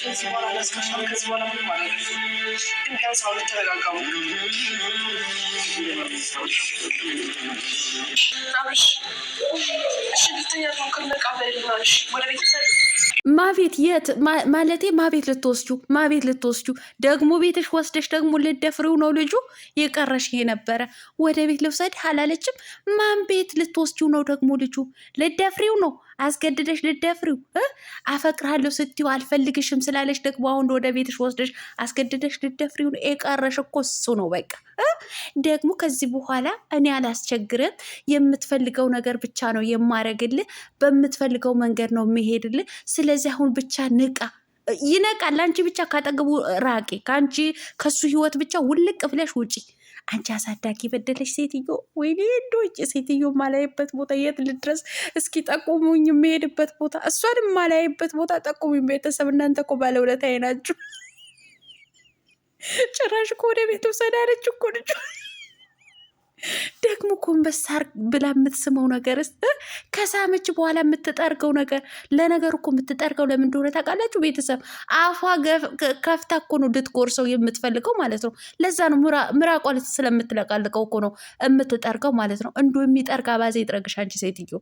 ከዚህ በኋላ ላስከሻል፣ ከዚህ በኋላ ምን ማለት ግን ቢያንስ አሁን ተረጋጋሙ። ማቤት የት ማለቴ ማቤት ልትወስጁ ማቤት ልትወስጁ ደግሞ ቤትሽ ወስደሽ ደግሞ ልደፍሪው ነው ልጁ የቀረሽ የነበረ ወደ ቤት ልውሰድ አላለችም። ማን ቤት ልትወስጂው ነው ደግሞ ልጁ ልደፍሪው ነው አስገድደሽ ልደፍሪው አፈቅርሃለሁ ስትይው አልፈልግሽም ስላለሽ ደግሞ አሁን ወደ ቤትሽ ወስደሽ አስገድደሽ ልደፍሪው የቀረሽ እኮ እሱ ነው። በቃ ደግሞ ከዚህ በኋላ እኔ አላስቸግርም። የምትፈልገው ነገር ብቻ ነው የማረግልህ፣ በምትፈልገው መንገድ ነው የምሄድልህ። ስለዚህ አሁን ብቻ ንቃ ይነቃል። አንቺ ብቻ ካጠገቡ ራቂ። ከአንቺ ከሱ ህይወት ብቻ ውልቅ ብለሽ ውጪ። አንቺ አሳዳጊ በደለች ሴትዮ፣ ወይኔ እንዶጭ ሴትዮ ማላይበት ቦታ የት ልድረስ? እስኪ ጠቁሙኝ፣ የሚሄድበት ቦታ እሷን ማላይበት ቦታ ጠቁሙኝ። ቤተሰብ እናንተ እኮ ባለውለታዬ ናችሁ። ጭራሽ እኮ ወደ ቤት እኮ ልጁ ደግሞ ጎንበስ ብላ የምትስመው ነገርስ ከሳመች በኋላ የምትጠርገው ነገር ለነገር እኮ የምትጠርገው ለምን እንደሆነ ታውቃላችሁ? ቤተሰብ አፏ ከፍታ እኮ ነው ልትጎርሰው የምትፈልገው ማለት ነው። ለዛ ነው ምራቋ ስለምትለቃልቀው እኮ ነው የምትጠርገው ማለት ነው። እንዶ የሚጠርግ አባዜ ይጥረግሽ አንቺ ሴትዮ።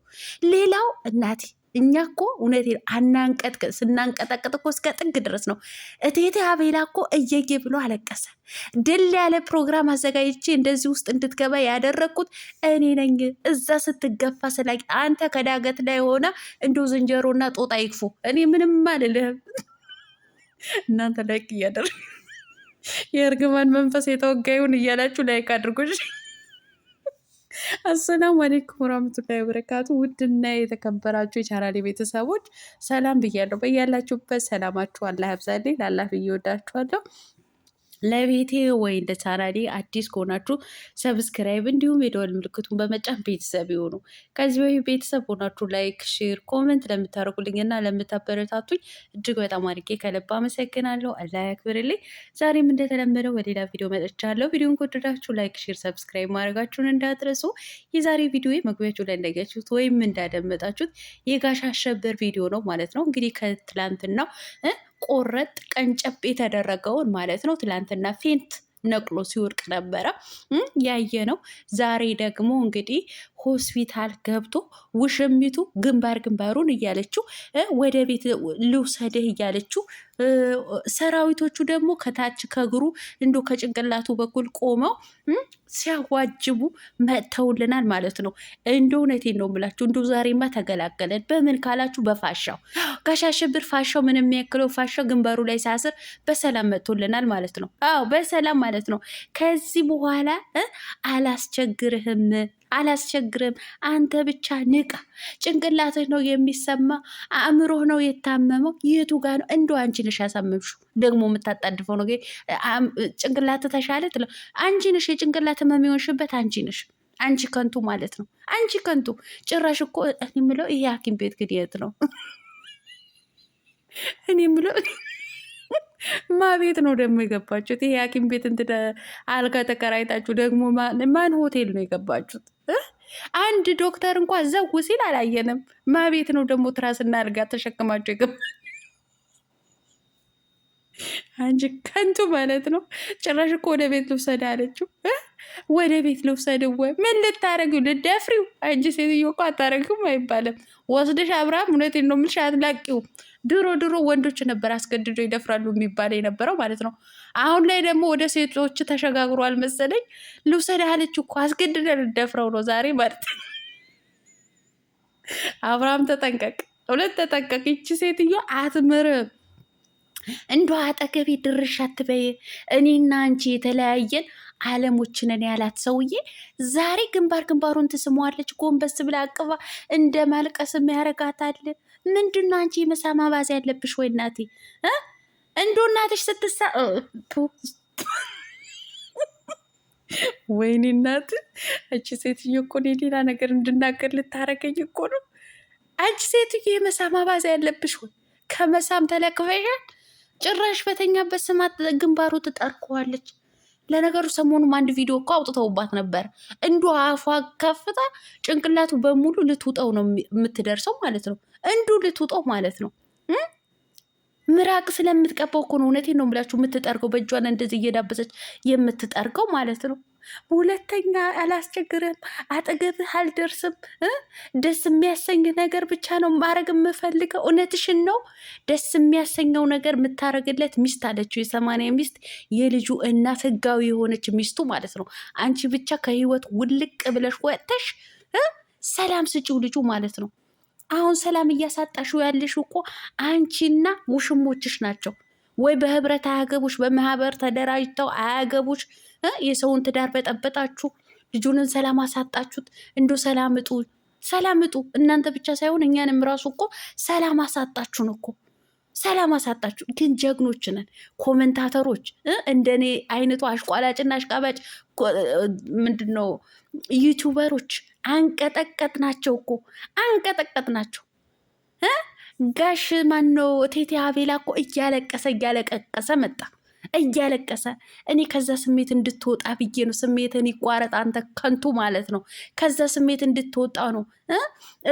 ሌላው እናቴ እኛ እኮ እውነት አናንቀጥቅ ስናንቀጠቅጥ እኮ እስከ ጥግ ድረስ ነው። እቴቴ አቤላ እኮ እየጌ ብሎ አለቀሰ። ድል ያለ ፕሮግራም አዘጋጅቼ እንደዚህ ውስጥ እንድትገባ ያደረግኩት እኔ ነኝ። እዛ ስትገፋ ስላ አንተ ከዳገት ላይ ሆነ እንደው ዝንጀሮና ጦጣ ይክፉ እኔ ምንም አልልህም። እናንተ ላይክ እያደረ የእርግማን መንፈስ የተወጋዩን እያላችሁ ላይክ አድርጎች አሰላሙ አሌይኩም ወራህመቱላሂ ወበረካቱ። ውድና የተከበራችሁ የቻናሌ ቤተሰቦች ሰላም ብያለሁ። በያላችሁበት ሰላማችሁ አላህ ያብዛልኝ። ላላህ ብዬ ወዳችኋለሁ። ለቤቴ ወይ እንደ ቻናሌ አዲስ ከሆናችሁ ሰብስክራይብ እንዲሁም የደወል ምልክቱን በመጫን ቤተሰብ ይሆኑ። ከዚህ በፊት ቤተሰብ ሆናችሁ ላይክ፣ ሼር፣ ኮመንት ለምታደርጉልኝ እና ለምታበረታቱኝ እጅግ በጣም አድርጌ ከልብ አመሰግናለሁ። አላህ ያክብርልኝ። ዛሬም እንደተለመደው በሌላ ቪዲዮ መጥቻለሁ። ቪዲዮን ከወደዳችሁ ላይክ፣ ሼር፣ ሰብስክራይብ ማድረጋችሁን እንዳትረሱ። የዛሬ ቪዲዮ መግቢያችሁ ላይ እንዳያችሁት ወይም እንዳደመጣችሁት የጋሽ አሸበር ቪዲዮ ነው ማለት ነው እንግዲህ ከትላንትናው ቆረጥ ቀንጨብ የተደረገውን ማለት ነው። ትላንትና ፌንት ነቅሎ ሲወድቅ ነበረ ያየ ነው። ዛሬ ደግሞ እንግዲህ ሆስፒታል ገብቶ ውሽሚቱ ግንባር ግንባሩን እያለችው ወደ ቤት ልውሰድህ እያለችው ሰራዊቶቹ ደግሞ ከታች ከእግሩ እንዶ ከጭንቅላቱ በኩል ቆመው ሲያዋጅቡ መጥተውልናል ማለት ነው። እንደ እውነቴን ነው የምላችሁ። እንዶ ዛሬማ ተገላገለን። በምን ካላችሁ በፋሻው ጋሽ ፋሻው ምን የሚያክለው ፋሻው ግንባሩ ላይ ሳስር በሰላም መጥቶልናል ማለት ነው። አዎ በሰላም ማለት ነው። ከዚህ በኋላ አላስቸግርህም አላስቸግርም። አንተ ብቻ ንቃ። ጭንቅላትህ ነው የሚሰማ፣ አእምሮህ ነው የታመመው። የቱ ጋ ነው እንደ አንቺ ነሽ ያሳመምሽው? ደግሞ የምታጣድፈው ነው ጭንቅላት ተሻለ ትለው። አንቺ ነሽ የጭንቅላት ህመም የሆንሽበት አንቺ ነሽ። አንቺ ከንቱ ማለት ነው። አንቺ ከንቱ ጭራሽ እኮ እኔ የምለው ይሄ ሐኪም ቤት ግድየት ነው እኔ የምለው ማቤት ነው ደግሞ የገባችሁት? ይሄ ሐኪም ቤት እንትን አልጋ ተከራይታችሁ ደግሞ ማን ሆቴል ነው የገባችሁት? አንድ ዶክተር እንኳን ዘው ሲል አላየንም። ማቤት ነው ደግሞ ትራስና አልጋ ተሸክማችሁ የገባችሁት? አንቺ ከንቱ ማለት ነው። ጭራሽ እኮ ወደ ቤት ልውሰድ አለችው። ወደ ቤት ልውሰድ ወይ ምን ልታረጊው? ልደፍሪው? አንቺ ሴትዮ እኮ አታረጊውም አይባልም። ወስደሽ አብርሃም፣ እውነቴን ነው የምልሽ፣ አትላቂው። ድሮ ድሮ ወንዶች ነበር አስገድዶ ይደፍራሉ የሚባል የነበረው ማለት ነው። አሁን ላይ ደግሞ ወደ ሴቶች ተሸጋግሯል መሰለኝ። ልውሰድ አለች እኮ አስገድደ ልደፍረው ነው ዛሬ ማለት አብርሃም ተጠንቀቅ፣ እውነት ተጠንቀቅ። ይቺ ሴትዮ አትምርም። እንዷ አጠገቤ ድርሽ አትበይ። እኔና አንቺ የተለያየን አለሞችንን ያላት ሰውዬ ዛሬ ግንባር ግንባሩን ትስመዋለች። ጎንበስ ብላ አቅፋ እንደ ማልቀስም ያረጋታል። ምንድን ነው አንቺ የመሳማ ባዝ ያለብሽ ወይ እናቴ? እንዶ እናትሽ ስትሳ ወይኔ እናት፣ አንቺ ሴትዮ እኮ እኔ ሌላ ነገር እንድናገር ልታረገኝ እኮ ነው። አንቺ ሴትዮ የመሳም አባዛ ያለብሽ ወይ? ከመሳም ተለቅፈሻል። ጭራሽ በተኛበት ስማት ግንባሩ ትጠርቀዋለች። ለነገሩ ሰሞኑም አንድ ቪዲዮ እኮ አውጥተውባት ነበር። እንዱ አፏ ከፍታ ጭንቅላቱ በሙሉ ልትውጠው ነው የምትደርሰው ማለት ነው። እንዱ ልትውጠው ማለት ነው። ምራቅ ስለምትቀባው እኮ ነው። እውነቴን ነው የምላችሁ የምትጠርገው በእጇን እንደዚህ እየዳበሰች የምትጠርገው ማለት ነው። ሁለተኛ አላስቸግርም፣ አጠገብህ አልደርስም፣ ደስ የሚያሰኝ ነገር ብቻ ነው ማድረግ የምፈልገው። እውነትሽን ነው። ደስ የሚያሰኘው ነገር የምታደርግለት ሚስት አለችው፣ የሰማንያ ሚስት የልጁ እናት ህጋዊ የሆነች ሚስቱ ማለት ነው። አንቺ ብቻ ከህይወት ውልቅ ብለሽ ወጥተሽ ሰላም ስጪው ልጁ ማለት ነው። አሁን ሰላም እያሳጣሽው ያለሽ እኮ አንቺና ሙሽሞችሽ ናቸው። ወይ በህብረት አያገቡሽ፣ በማህበር ተደራጅተው አያገቡሽ። የሰውን ትዳር በጠበጣችሁ፣ ልጁንን ሰላም አሳጣችሁት። እንዶ ሰላም እጡ፣ ሰላም እጡ። እናንተ ብቻ ሳይሆን እኛንም ራሱ እኮ ሰላም አሳጣችሁን እኮ ሰላም አሳጣችሁ። ግን ጀግኖች ነን ኮመንታተሮች። እንደኔ አይነቱ አሽቋላጭና አሽቃባጭ ምንድን ነው ዩቱበሮች አንቀጠቀጥ ናቸው እኮ አንቀጠቀጥ ናቸው። ጋሽ ማነው ቴቴ አቤላ እኮ እያለቀሰ እያለቀቀሰ መጣ። እያለቀሰ እኔ ከዛ ስሜት እንድትወጣ ብዬ ነው። ስሜትን ይቋረጥ አንተ ከንቱ ማለት ነው። ከዛ ስሜት እንድትወጣ ነው።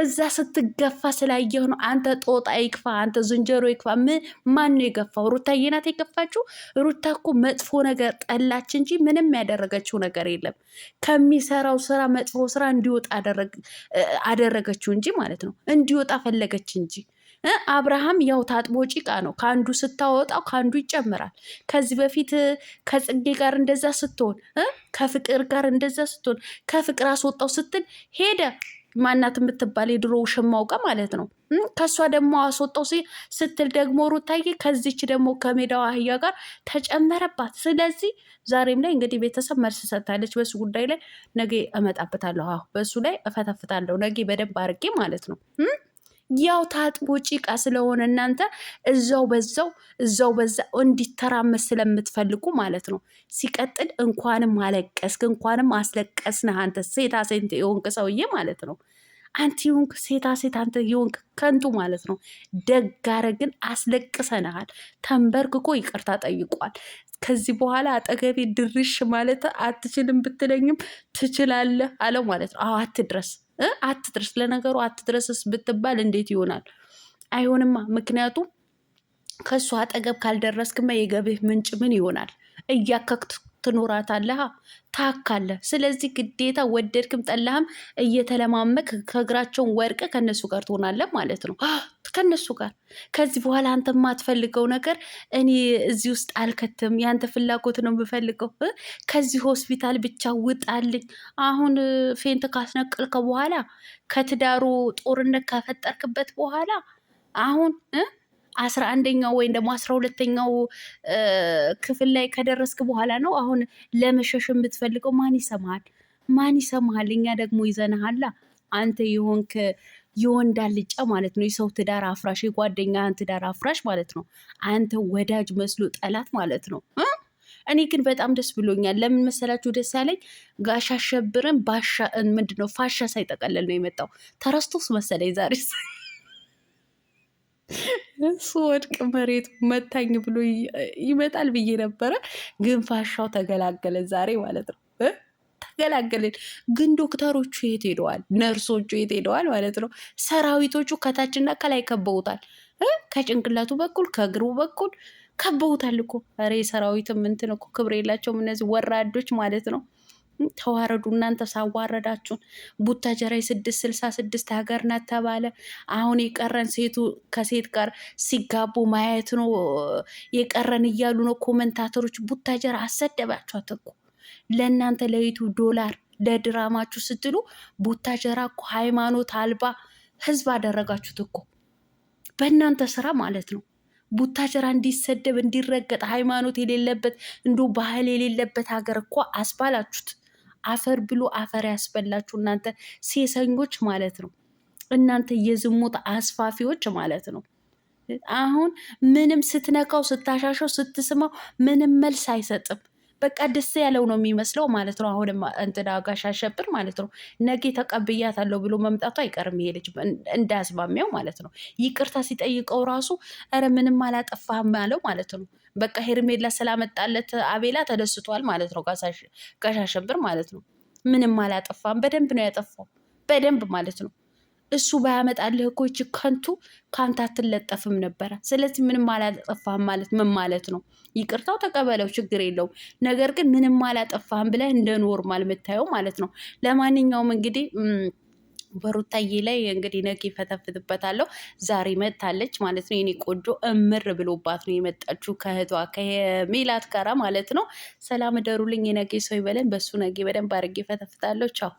እዛ ስትገፋ ስላየሁ ነው። አንተ ጦጣ ይክፋ፣ አንተ ዝንጀሮ ይክፋ። ማን ነው የገፋው? ሩታ የናት የገፋችው። ሩታ እኮ መጥፎ ነገር ጠላች እንጂ ምንም ያደረገችው ነገር የለም። ከሚሰራው ስራ መጥፎ ስራ እንዲወጣ አደረገችው እንጂ ማለት ነው። እንዲወጣ ፈለገች እንጂ አብርሃም ያው ታጥቦ ጭቃ ነው። ከአንዱ ስታወጣው ከአንዱ ይጨምራል። ከዚህ በፊት ከጽጌ ጋር እንደዛ ስትሆን፣ ከፍቅር ጋር እንደዛ ስትሆን፣ ከፍቅር አስወጣው ስትል ሄደ ማናት የምትባል የድሮ ውሽማው ጋር ማለት ነው። ከእሷ ደግሞ አስወጣው ስትል ደግሞ ሩታዬ ከዚች ደግሞ ከሜዳው አህያ ጋር ተጨመረባት። ስለዚህ ዛሬም ላይ እንግዲህ ቤተሰብ መልስ ሰጥታለች። በሱ ጉዳይ ላይ ነገ እመጣበታለሁ። በሱ ላይ እፈተፍታለሁ ነገ በደንብ አርጌ ማለት ነው። ያው ታጥቦ ጭቃ ስለሆነ እናንተ እዛው በዛው እዛው በዛ እንዲተራመስ ስለምትፈልጉ ማለት ነው። ሲቀጥል እንኳንም አለቀስክ እንኳንም አስለቀስንህ አንተ ሴታ ሴት የሆንክ ሰውዬ ማለት ነው። አንተ የሆንክ ሴታ ሴት አንተ የሆንክ ከንቱ ማለት ነው። ደጋረ ግን አስለቅሰንሃል። ተንበርክኮ ይቅርታ ጠይቋል። ከዚህ በኋላ አጠገቤ ድርሽ ማለት አትችልም ብትለኝም ትችላለህ አለው ማለት ነው። አዎ አትድረስ አትድረስ። ለነገሩ አትድረስስ ብትባል እንዴት ይሆናል? አይሆንማ። ምክንያቱም ከእሱ አጠገብ ካልደረስክማ የገብህ ምንጭ ምን ይሆናል? እያከክት ትኖራታለህ፣ ታካለ ስለዚህ ግዴታ ወደድክም ጠላህም እየተለማመክ ከእግራቸውን ወርቀ ከነሱ ጋር ትሆናለህ ማለት ነው ከነሱ ጋር። ከዚህ በኋላ አንተ የማትፈልገው ነገር እኔ እዚህ ውስጥ አልከትም፣ ያንተ ፍላጎት ነው የምፈልገው፣ ከዚህ ሆስፒታል ብቻ ውጣልኝ። አሁን ፌንት ካስነቀልከ በኋላ ከትዳሩ ጦርነት ካፈጠርክበት በኋላ አሁን አስራ አንደኛው ወይም ደግሞ አስራ ሁለተኛው ክፍል ላይ ከደረስክ በኋላ ነው አሁን ለመሸሽ የምትፈልገው። ማን ይሰማሃል? ማን ይሰማሃል? እኛ ደግሞ ይዘንሃላ። አንተ የሆንክ የወንድ አልጫ ማለት ነው። የሰው ትዳር አፍራሽ፣ የጓደኛህን ትዳር አፍራሽ ማለት ነው። አንተ ወዳጅ መስሎ ጠላት ማለት ነው። እኔ ግን በጣም ደስ ብሎኛል። ለምን መሰላችሁ ደስ ያለኝ? ጋሽ አሸብርን ባሻ ምንድነው ፋሻ ሳይጠቀለል ነው የመጣው። ተረስቶስ መሰለኝ ዛሬ እሱ ወድቅ መሬት መታኝ ብሎ ይመጣል ብዬ ነበረ። ግን ፋሻው ዛሬ ማለት ነው። ተገላገለን። ግን ዶክተሮቹ የት ሄደዋል? ነርሶቹ የት ሄደዋል ማለት ነው። ሰራዊቶቹ ከታችና ከላይ ከበውታል። ከጭንቅላቱ በኩል ከእግሩ በኩል ከበውታል እኮ። ኧረ የሰራዊትም እንትን እኮ ክብር የላቸውም እነዚህ ወራዶች ማለት ነው። ተዋረዱ እናንተ ሳዋረዳችሁን። ቡታጀራ ስድስት ስልሳ ስድስት ሀገር ናት ተባለ። አሁን የቀረን ሴቱ ከሴት ጋር ሲጋቡ ማየት ነው የቀረን እያሉ ነው ኮመንታተሮች። ቡታጀራ አሰደባችኋት እኮ ለእናንተ ለይቱ ዶላር ለድራማችሁ ስትሉ ቡታጀራ እኮ ሃይማኖት አልባ ህዝብ አደረጋችሁት እኮ በእናንተ ስራ ማለት ነው። ቡታጀራ እንዲሰደብ እንዲረገጥ ሃይማኖት የሌለበት እንዲሁ ባህል የሌለበት ሀገር እኮ አስባላችሁት። አፈር ብሎ አፈር ያስበላችሁ እናንተ ሴሰኞች ማለት ነው። እናንተ የዝሙት አስፋፊዎች ማለት ነው። አሁን ምንም ስትነካው፣ ስታሻሸው፣ ስትስማው ምንም መልስ አይሰጥም። በቃ ደስ ያለው ነው የሚመስለው ማለት ነው። አሁንም እንትና ጋሽ አሸብር ማለት ነው ነገ ተቀብያታለሁ ብሎ መምጣቱ አይቀርም ይሄ ልጅ እንዳያስማሚያው ማለት ነው። ይቅርታ ሲጠይቀው ራሱ ኧረ ምንም አላጠፋህም ያለው ማለት ነው። በቃ ሄርሜላ ስላመጣለት አቤላ ተደስቷል ማለት ነው። ጋሽ አሸብር ማለት ነው ምንም አላጠፋም። በደንብ ነው ያጠፋው፣ በደንብ ማለት ነው። እሱ ባያመጣልህ እኮ ይቺ ከንቱ ከአንተ አትለጠፍም ነበረ። ስለዚህ ምንም አላጠፋህም ማለት ምን ማለት ነው? ይቅርታው ተቀበለው፣ ችግር የለውም። ነገር ግን ምንም አላጠፋህም ብለህ እንደ ኖርማል የምታየው ማለት ነው። ለማንኛውም እንግዲህ በሩታዬ ላይ እንግዲህ ነገ ይፈተፍትበታለሁ። ዛሬ መታለች ማለት ነው። የኔ ቆንጆ እምር ብሎባት ነው የመጣችው ከእህቷ ከሜላት ጋራ ማለት ነው። ሰላም እደሩልኝ። የነገ ሰው ይበለን። በሱ ነገ በደንብ አድርጌ ይፈተፍታለሁ። ቻው